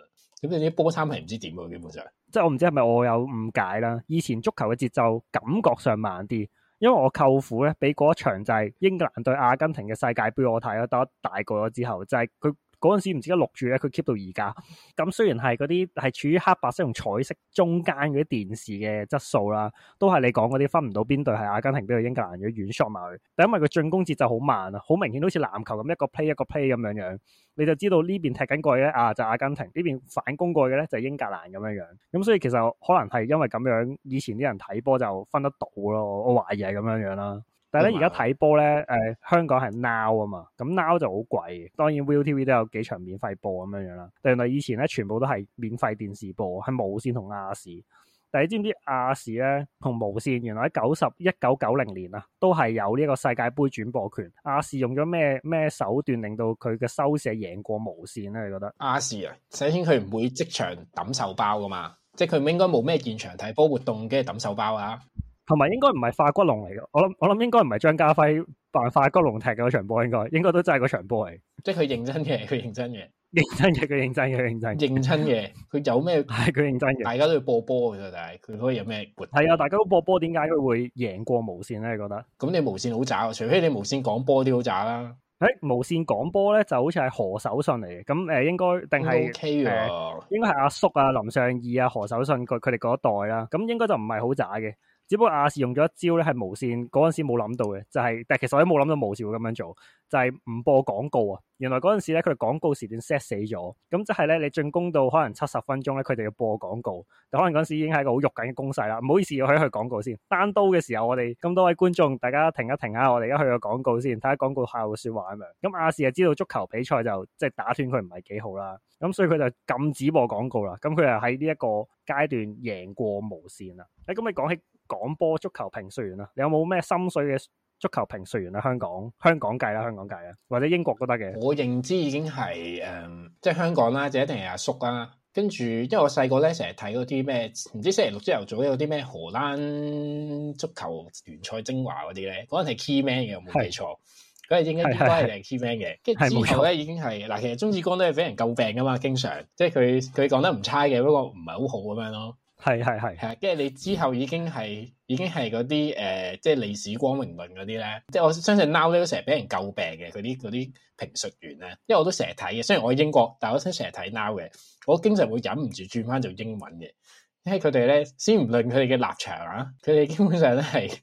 咁你啲波衫係唔知點啊，基本上，即係我唔知係咪我有誤解啦。以前足球嘅節奏感覺上慢啲，因為我舅父咧，比嗰一場就係英格蘭對阿根廷嘅世界盃，我睇得多大個咗之後，就係佢。嗰陣時唔知得錄住咧，佢 keep 到而家。咁雖然係嗰啲係處於黑白色同彩色中間嗰啲電視嘅質素啦，都係你講嗰啲分唔到邊隊係阿根廷邊個英格蘭嘅遠 shot 埋去。但因為佢進攻節奏好慢啊，好明顯好似籃球咁一,一個 play 一個 play 咁樣樣，你就知道呢邊踢緊過去嘅咧啊就係、阿根廷，呢邊反攻過去嘅咧就英格蘭咁樣樣。咁所以其實可能係因為咁樣，以前啲人睇波就分得到咯。我懷疑係咁樣樣啦。但係而家睇波咧，誒、呃、香港係 now 啊嘛，咁 now 就好貴。當然，ViuTV 都有幾場免費播咁樣樣啦。但原來以前咧，全部都係免費電視播，係無線同亞視。但係你知唔知亞視咧同無線原來喺九十一九九零年啊，都係有呢一個世界盃轉播權。亞視用咗咩咩手段令到佢嘅收視贏過無線咧？你覺得亞視啊，首先佢唔會即場揼手包㗎嘛，即係佢唔應該冇咩現場睇波活動嘅住揼手包啊！同埋應該唔係化骨龍嚟嘅，我諗我諗應該唔係張家輝扮化骨龍踢嘅嗰場波，應該應該都真係嗰場波嚟。即係佢認真嘅，佢認真嘅， 認真嘅，佢認真嘅，認真 認真嘅，佢 有咩係佢認真嘅 大家都播波嘅咋，但係佢可以有咩？係啊，大家都播波，點解佢會贏過無線咧？你覺得咁你無線好渣，除非你無線講波啲好渣啦。誒、欸，無線講波咧就好似係何守信嚟嘅，咁誒，應該定係應該係阿叔啊、林尚義啊、何守信佢佢哋嗰一代啦，咁應該就唔係好渣嘅。只不過亞視用咗一招咧，係無綫嗰陣時冇諗到嘅，就係、是，但其實我哋冇諗到無綫會咁樣做，就係、是、唔播廣告啊！原來嗰陣時咧，佢哋廣告時段 set 死咗，咁即係咧，你進攻到可能七十分鐘咧，佢哋要播廣告，但可能嗰陣時已經係一個好肉緊嘅攻勢啦。唔好意思，要開佢廣告先，單刀嘅時候我哋咁多位觀眾，大家停一停一下，我哋而家去個廣告先，睇下廣告下嘅說話咁樣。咁亞視就知道足球比賽就即係、就是、打斷佢唔係幾好啦，咁所以佢就禁止播廣告啦。咁佢就喺呢一個階段贏過無綫啦。咁你講起。廣播足球評述員啦，你有冇咩心水嘅足球評述員啊？香港香港界啦，香港界啊，或者英國都得嘅。我認知已經係誒、嗯，即係香港啦，就一定係阿叔啦。跟住，因為我細個咧成日睇嗰啲咩，唔知星期六朝頭早有啲咩荷蘭足球聯賽精華嗰啲咧，嗰人係 key man 嘅，是我有冇記錯？嗰係是應該應該係 key man 嘅。跟住之後咧，是錯已經係嗱，其實鍾志光都係俾人詬病噶嘛，經常即係佢佢講得唔差嘅，不過唔係好好咁樣咯。係係係係，跟住你之後已經係已經係嗰啲誒，即係歷史光明論嗰啲咧，即係我相信 Now 咧都成日俾人詬病嘅嗰啲啲評述員咧，因為我都成日睇嘅，雖然我喺英國，但係我想成日睇 Now 嘅，我經常會忍唔住轉翻做英文嘅，因為佢哋咧，先唔論佢哋嘅立場啊，佢哋基本上咧係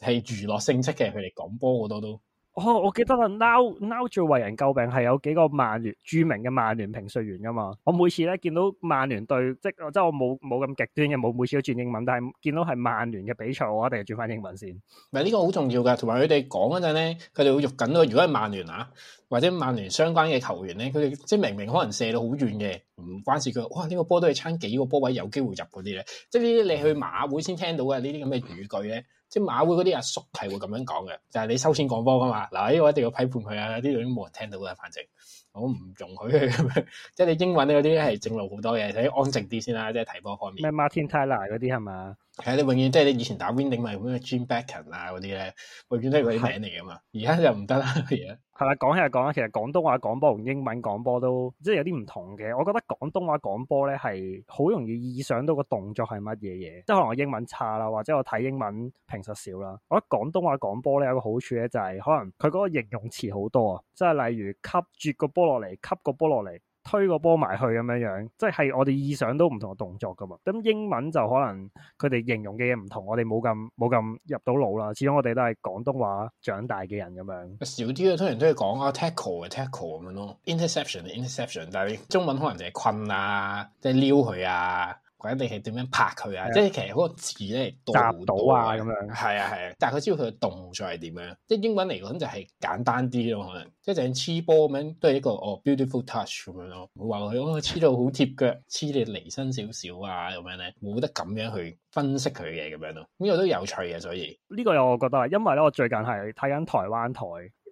係娛樂性質嘅，佢哋講波好多都。哦，我記得啦。Now，Now 最為人詬病係有幾個曼聯著名嘅曼聯評述員噶嘛。我每次咧見到曼聯隊，即即，即我冇冇咁極端嘅，冇每次都轉英文。但係見到係曼聯嘅比賽，我一定係轉翻英文先。咪呢個好重要噶。同埋佢哋講嗰陣咧，佢哋會喐緊咯。如果係曼聯啊，或者曼聯相關嘅球員咧，佢哋即明明可能射到好遠嘅，唔關事佢哇，呢、呢個波都係差幾個波位有機會入嗰啲咧。即呢啲你去馬會先聽到嘅呢啲咁嘅語句咧。即馬會嗰啲阿叔係會咁樣講嘅，就係、是、你收錢講波噶嘛。嗱、哎，呢個我一定要批判佢啊！呢種冇人聽到㗎，反正我唔容許佢咁樣。 即係你英文嗰啲係正路好多嘢，你安靜啲先啦。即係睇波方面。咩 Martin Tyler 嗰啲係嘛？係啊，你永遠即係你以前打 winning market 嘅 Jim Backen 啊嗰啲咧，永遠都係啲名嚟㗎嘛。而家、嗯、就唔得啦，係啊。係啦，講起嚟講啦，其實廣東話廣播同英文廣播都即係有啲唔同嘅。我覺得廣東話廣播咧係好容易意想到個動作係乜嘢嘢，即係可能我英文差啦，或者我睇英文平時少啦。我覺得廣東話廣播咧有個好處咧就係、是、可能佢嗰個形容詞好多啊，即係例如吸住個波落嚟，吸個波落嚟。推個波埋去咁樣樣，即係我哋意想都唔同嘅動作噶嘛。咁英文就可能佢哋形容嘅嘢唔同，我哋冇咁冇咁入到腦啦。始終我哋都係廣東話長大嘅人咁樣。少啲啊，通常都係講啊 tackle 嘅 tackle 咁樣咯，interception, interception。但係中文可能就係困啊，即係撩佢啊。反正係點樣拍佢啊，的即係其實嗰個字咧，揸到，到啊咁樣。係啊係啊，但係佢知道佢嘅動作係點樣。即係英文嚟講就係簡單啲咯，可能即係淨係黐波咁樣，都係一個哦 beautiful touch 咁樣咯。唔會話佢佢黐到好貼腳，黐你離身少少啊咁樣咧，冇得咁樣去分析佢嘅咁樣咯。呢個都有趣嘅，所以呢個又我覺得，因為咧我最近係睇緊台灣台。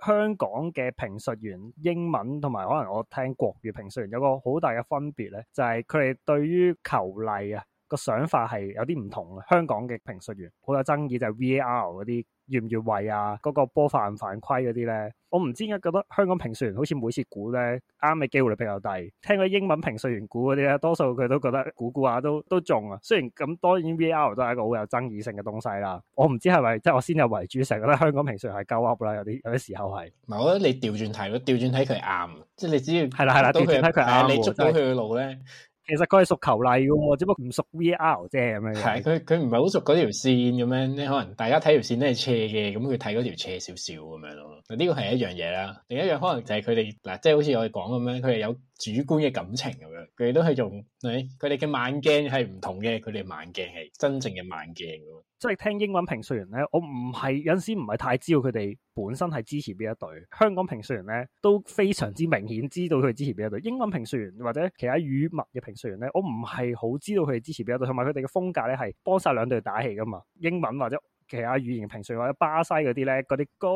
香港嘅評述員，英文同埋可能我聽國語評述員，有個好大嘅分別呢，就係佢哋對於球例啊，個想法係有啲唔同。香港嘅評述員好有爭議，就係、是、V A R 嗰啲。越唔越位啊？嗰、嗰個波犯唔犯規嗰啲咧？我唔知點解覺得香港評述員好似每次估咧啱嘅機會率比較低。聽過英文評述員估嗰啲咧，多數佢都覺得估估下都都中啊。雖然咁當然 VR 都係一個好有爭議性嘅東西啦。我唔知係咪即係我先入為主，成日覺得香港評述係夠噏啦。有啲有啲時候係。唔、嗯、我覺得你調轉睇，調轉睇佢啱，即係你只要係啦係啦，調轉睇佢啱，但係你捉到佢嘅路咧。其實佢係熟球例嘅，只不過唔熟 VR 啫咁樣。係佢，佢唔係好熟嗰條線咁樣，你可能大家睇條線都係斜嘅，咁佢睇嗰條斜少少咁樣咯。呢個係一樣嘢啦。另一樣可能就係佢哋嗱，即係好似我哋講咁樣，佢哋有。主觀嘅感情咁樣，佢哋都係用，佢哋嘅慢鏡係唔同嘅，佢哋慢鏡係真正嘅慢鏡。即係聽英文評述員咧，我唔係有陣時唔係太知道佢哋本身係支持邊一隊。香港評述員咧都非常之明顯知道佢哋支持邊一隊。英文評述員或者其他語文嘅評述員咧，我唔係好知道佢哋支持邊一隊，同埋佢哋嘅風格咧係幫晒兩隊打氣噶嘛。英文或者。其他語言評述或者巴西嗰啲咧，嗰啲高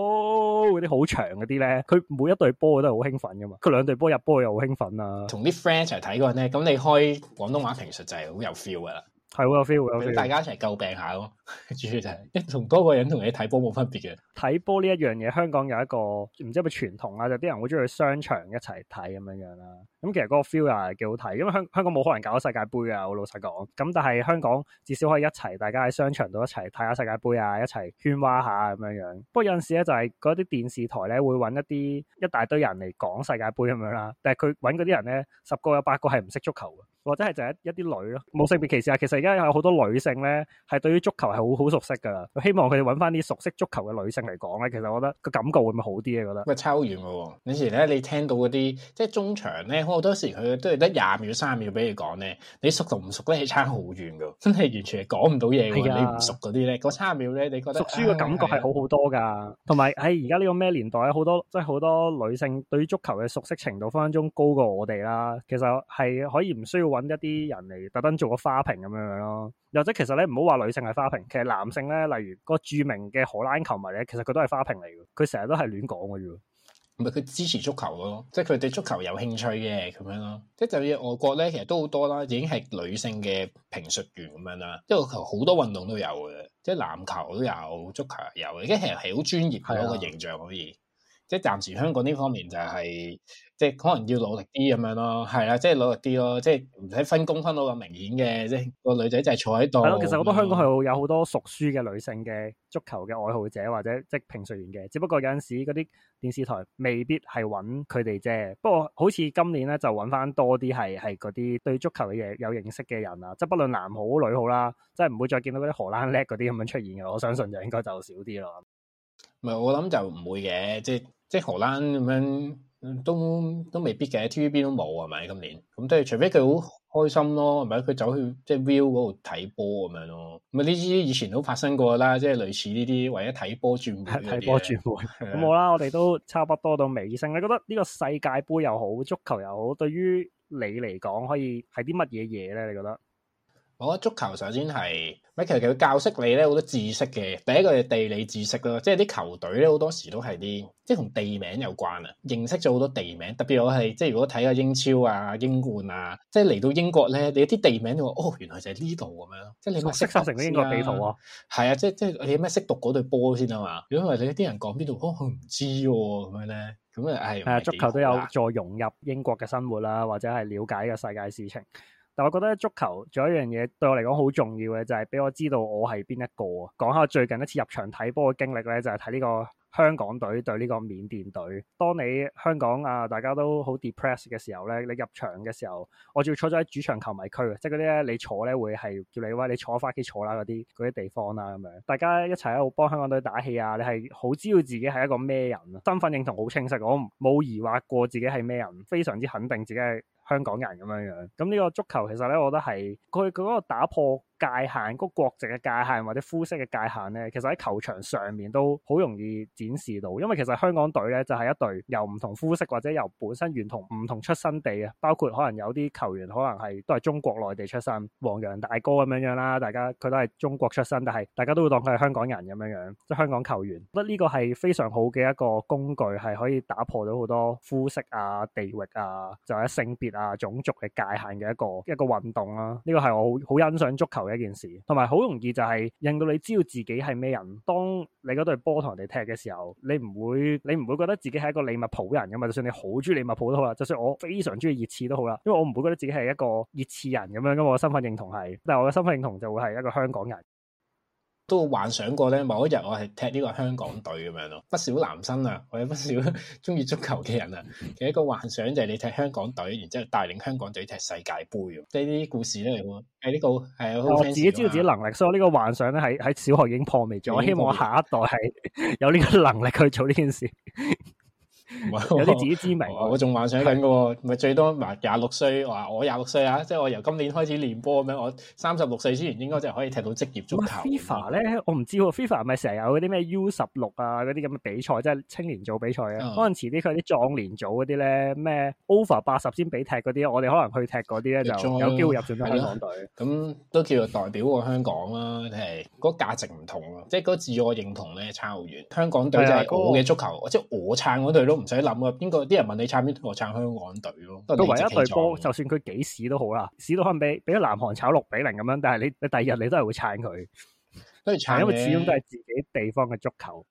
嗰啲好長嗰啲咧，佢每一隊波都係好興奮噶嘛，佢兩隊波入波又好興奮啊！同啲 friend 一齊睇過咧，咁你開廣東話評述就係好有 feel 噶啦。係，會有 feel，大家一齊救病下咯，主要就係一同多個人同你睇波冇分別嘅。睇波呢一樣嘢，香港有一個唔知係咪傳統啊，就啲、是、人好中意去商場一齊睇咁樣樣啦。咁其實嗰個 feel 又係幾好睇，因為香香港冇可能搞世界杯啊。我老實講，咁但係香港至少可以一齊，大家喺商場度一齊睇下世界杯啊，一齊喧嘩下咁樣樣。不過有陣時咧，就係嗰啲電視台咧會搵一啲一大堆人嚟講世界杯咁樣啦，但係佢搵嗰啲人咧，十個有八個係唔識足球嘅。或者係就係一啲女咯，冇性別歧視啊。其實而家有好多女性咧，係對於足球係好好熟悉㗎。希望佢哋揾返啲熟悉足球嘅女性嚟講咧，其實我覺得個感覺會唔會好啲啊？覺得喂，差好遠㗎喎！有時咧，你聽到嗰啲即係中場咧，好多時佢都係得廿秒、三十秒俾你講咧。你熟同唔熟咧，係差好遠㗎，真係完全係講唔到嘢。你唔熟嗰啲咧，嗰三十秒咧，你覺得熟書嘅感覺係好好多㗎。同埋、嗯，喺而家呢個咩年代，好多即係好多女性對於足球嘅熟悉程度分分鐘高過我哋啦。其實係可以唔需要。揾一啲人嚟特登做個花瓶咁樣樣咯，又或者其實咧，唔好話女性係花瓶，其實男性咧，例如個著名嘅荷蘭球迷咧，其實佢都係花瓶嚟嘅，佢成日都係亂講嘅啫，唔係佢支持足球咯，即係佢對足球有興趣嘅咁、就是、樣咯。即係就要、是、外國咧，其實都好多啦，已經係女性嘅評述員咁樣啦，即係好多運動都有嘅，即係籃球都有，足球有，而家其實係好專業嘅一個形象可以。即係暫時香港呢方面就係、即係，即係可能要努力啲咁樣咯，係啦、啊，即係努力啲咯，即係唔使分工分到咁明顯嘅，即係個女仔就係坐喺度。係咯，其實我覺得香港係有好多熟書嘅女性嘅足球嘅愛好者或者即係評述員嘅，只不過有陣時嗰啲電視台未必係搵佢哋啫。不過好似今年咧就搵翻多啲係係嗰啲對足球嘅嘢有認識嘅人啊，即係不論男好女好啦，即係唔會再見到嗰啲荷蘭叻嗰啲咁樣出現嘅，我相信就應該就少啲咯。唔係我諗就唔會嘅，即係。即係荷蘭咁樣，嗯、都都未必嘅，TVB 都冇係咪？今年咁即係，除非佢好開心咯，係咪？佢走去即係 Viu 嗰度睇波咁樣咯。咁啊呢啲以前都發生過啦，即係類似呢啲或者睇波轉播睇波轉播咁好啦。我哋都差不多到尾聲。剩你覺得呢個世界盃又好，足球又好，對於你嚟講，可以係啲乜嘢嘢咧？你覺得？我覺得足球首先係，咪其實佢教識你咧好多知識嘅。第一個係地理知識咯，即係啲球隊咧好多時都係啲，即係同地名有關啊。認識咗好多地名，特別我係即係如果睇下英超啊、英冠啊，即係嚟到英國咧，你啲地名就哦，原來就係呢度咁樣，即係你乜識得成啲英國地圖啊？係啊，即係即係你咩識讀嗰隊波先啊嘛？如果唔係你啲人講邊度，哦，我唔知喎咁樣咧，咁啊係。誒，足球都有助融入英國嘅生活啦，或者係了解個世界事情。但我覺得足球仲有一樣嘢對我嚟講好重要嘅，就係俾我知道我係邊一個。講下最近一次入場睇波嘅經歷咧，就係睇呢個香港隊對呢個緬甸隊。當你香港啊，大家都好 depressed 嘅時候咧，你入場嘅時候，我仲要坐咗喺主場球迷區嘅，即係嗰啲咧你坐咧會係叫你喂，你坐翻屋企坐啦嗰啲啲地方啦、啊、咁樣，大家一齊喺度幫香港隊打氣啊！你係好知道自己係一個咩人啊。身份認同好清晰，我冇疑惑過自己係咩人，非常之肯定自己係。香港人咁樣樣，咁呢個足球其實咧，我覺得係佢佢嗰個打破界限、嗰國籍嘅界限或者膚色嘅界限咧，其實喺球場上面都好容易展示到。因為其實香港隊咧就係一隊由唔同膚色或者由本身遠同唔同出身地啊，包括可能有啲球員可能係都係中國內地出身、黃洋大哥咁樣樣啦，大家佢都係中國出身，但係大家都會當佢係香港人咁樣樣，即係香港球員。不過呢個係非常好嘅一個工具，係可以打破到好多膚色啊、地域啊，就係性別。啊！種族嘅界限嘅一個一個運動啦、啊，呢、這個係我好欣賞足球嘅一件事，同埋好容易就係令到你知道自己係咩人。當你嗰對波同人哋踢嘅時候，你唔會你唔會覺得自己係一個利物浦人㗎嘛？就算你好中意利物浦都好啦，就算我非常中意熱刺都好啦，因為我唔會覺得自己係一個熱刺人咁樣嘅。我身份認同係，但係我嘅身份認同就會係一個香港人。都幻想過咧，某一日我係踢呢個香港隊咁樣咯。不少男生啊，或者不少中意足球嘅人啊，其實一個幻想就係你踢香港隊，然之後帶領香港隊踢世界杯。即係啲故事咧、啊，係、哎、呢、這個係、哎、我自己知道自己能力，所以呢個幻想咧喺喺小學已經破滅咗。我希望下一代係有呢個能力去做呢件事。有啲自己知明，我仲幻想緊噶，咪但最多話廿六歲，話我廿六歲啊，即、就、係、是、我由今年開始練波咁樣，我三十六歲之前應該就可以踢到職業足球。FIFA 是咧，我唔知喎，FIFA 係咪成日有嗰啲咩 U 十六啊，嗰啲咁嘅比賽，即係青年組比賽啊？可能遲啲佢啲壯年組嗰啲咧，咩 over 八十先俾踢嗰啲，我哋可能去踢嗰啲咧就仲有機會入咗香港隊。咁都叫做代表個香港啦、啊，係嗰價值唔同咯、啊，即係嗰自我認同咧，撐好遠。香港隊就係我嘅足球，那個、即係我撐嗰隊咯。唔使諗啊！邊個啲人問你撐邊個，撐香港隊咯？佢唯一一隊波，就算佢幾屎都好啦，屎都可能俾咗南韓炒六比零咁樣，但係你你第二日你都係會撐佢，撐因為始終都係自己地方嘅足球。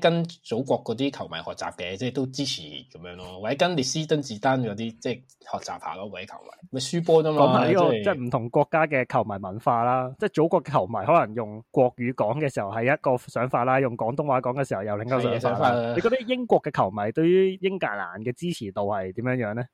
跟祖國嗰啲球迷學習嘅，即係都支持咁樣咯。或者跟列斯、登志丹嗰啲，即係學習下咯。位球迷咪輸波啫嘛，講埋呢個即係唔同國家嘅球迷文化啦。即係祖國嘅球迷可能用國語講嘅時候係一個想法啦，用廣東話講嘅時候又另一個想法啦。你覺得英國嘅球迷對於英格蘭嘅支持度係點樣樣咧？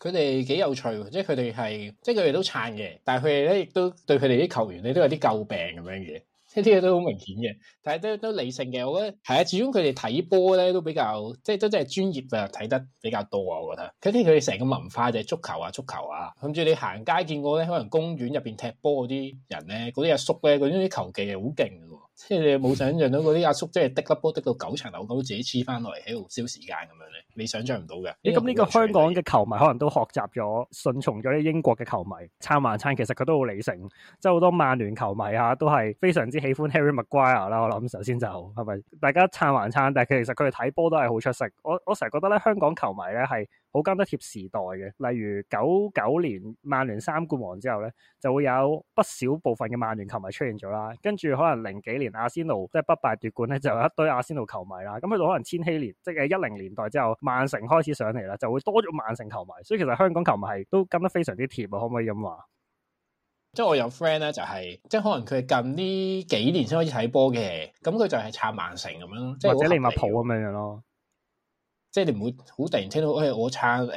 佢哋幾有趣，即係佢哋係，即係佢哋都撐嘅，但係佢哋咧亦都對佢哋啲球員，你都有啲詬病咁樣嘅。呢啲嘢都好明顯嘅，但係都都理性嘅。我覺得係啊，始終佢哋睇波咧都比較，即係都真係專業啊，睇得比較多啊。我覺得，佢啲佢哋成個文化就係、是、足球啊，足球啊。甚至你行街見過咧，可能公園入邊踢波嗰啲人咧，嗰啲阿叔咧，嗰啲球技係好勁嘅。即係你冇想象到嗰啲阿叔即係滴粒波滴到九層樓，咁自己黐翻落嚟喺度燒時間咁樣咧。你想象唔到嘅，誒咁呢個香港嘅球迷可能都學習咗，順從咗啲英國嘅球迷，撐還撐，其實佢都好理性，即係好多曼聯球迷吓、啊、都係非常之喜歡 Harry Maguire 啦，我諗首先就係咪大家撐還撐，但係其實佢哋睇波都係好出色。我我成日覺得咧，香港球迷咧係好跟得貼時代嘅，例如九九年曼聯三冠王之後咧，就會有不少部分嘅曼聯球迷出現咗啦，跟住可能零幾年阿仙奴即係不敗奪冠咧，就有一堆阿仙奴球迷啦，咁去到可能千禧年即係一零年代之後。曼城開始上嚟啦，就會多咗曼城球迷，所以其實香港球迷係都跟得非常之貼啊，可唔可以咁話，就是？即係我有 friend 咧，就係即係可能佢係近呢幾年先開始睇波嘅，咁佢就係撐曼城咁樣咯，或者利物浦咁樣樣咯。即係你唔會好突然聽到，哎，我撐誒誒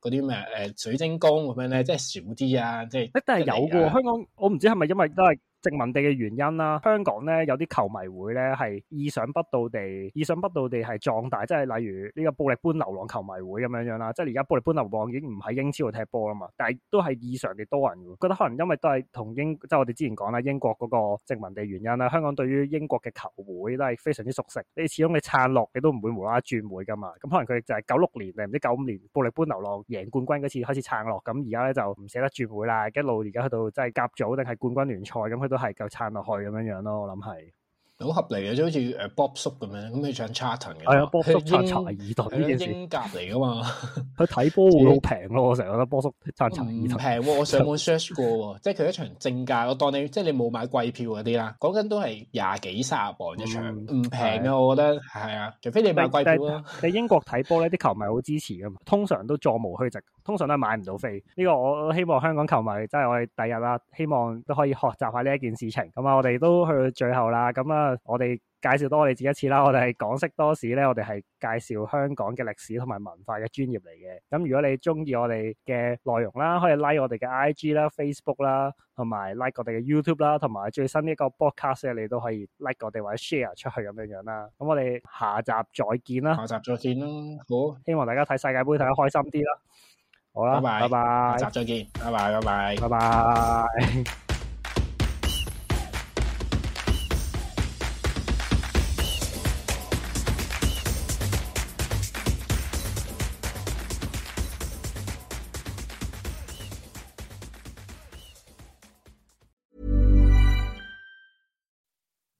啲咩誒水晶宮咁樣咧，即係少啲啊，即係一定係有嘅。香港我唔知係咪因為都係。殖民地嘅原因啦，香港咧有啲球迷會咧係意想不到地、意想不到地係壯大，即係例如呢、這個布力般流浪球迷會咁樣樣啦。即係而家布力般流浪已經唔喺英超度踢波啦嘛，但係都係異常嘅多人嘅。覺得可能因為都係同英，即、就、係、是、我哋之前講啦，英國嗰個殖民地原因啦，香港對於英國嘅球會都係非常之熟悉。你始終你撐落，你都唔會無啦啦轉會㗎嘛。咁可能佢就係九六年定唔知九五年布力般流浪贏冠軍嗰次開始撐落，咁而家咧就唔捨得轉會啦，一路而家去到即係甲組定係冠軍聯賽咁去都係夠撐落去咁樣樣咯，我諗係。好合理嘅，就好似誒 Bob 叔咁樣，咁你就 Charter 嘅。係啊，Bob 叔 Charter 二代，英甲嚟噶嘛。佢睇波會好平咯，我成日覺得波叔 Charter 二代平。我上網 search 過，即係佢一場正價，我當你即係你冇買貴票嗰啲啦，講緊都係廿幾卅磅一場。唔平啊，我覺得係啊。除非你買貴票咯。你英國睇波咧，啲球迷好支持噶嘛，通常都座無虛席，通常都係買唔到飛。呢個我希望香港球迷即係我哋第日啦，希望都可以學習下呢一件事情。咁啊，我哋都去到最後啦，咁啊。我哋介紹多我哋自己一次啦，我哋係港識多史咧，我哋係介紹香港嘅歷史同埋文化嘅專業嚟嘅。咁如果你中意我哋嘅內容啦，可以 like 我哋嘅 I G 啦、Facebook 啦，同埋 like 我哋嘅 YouTube 啦，同埋最新呢一個 podcast 咧，你都可以 like 我哋或者 share 出去咁樣樣啦。咁我哋下集再見啦，下集再見啦。好，希望大家睇世界盃睇得開心啲啦。好啦，拜拜，下集再見，拜拜拜拜拜拜。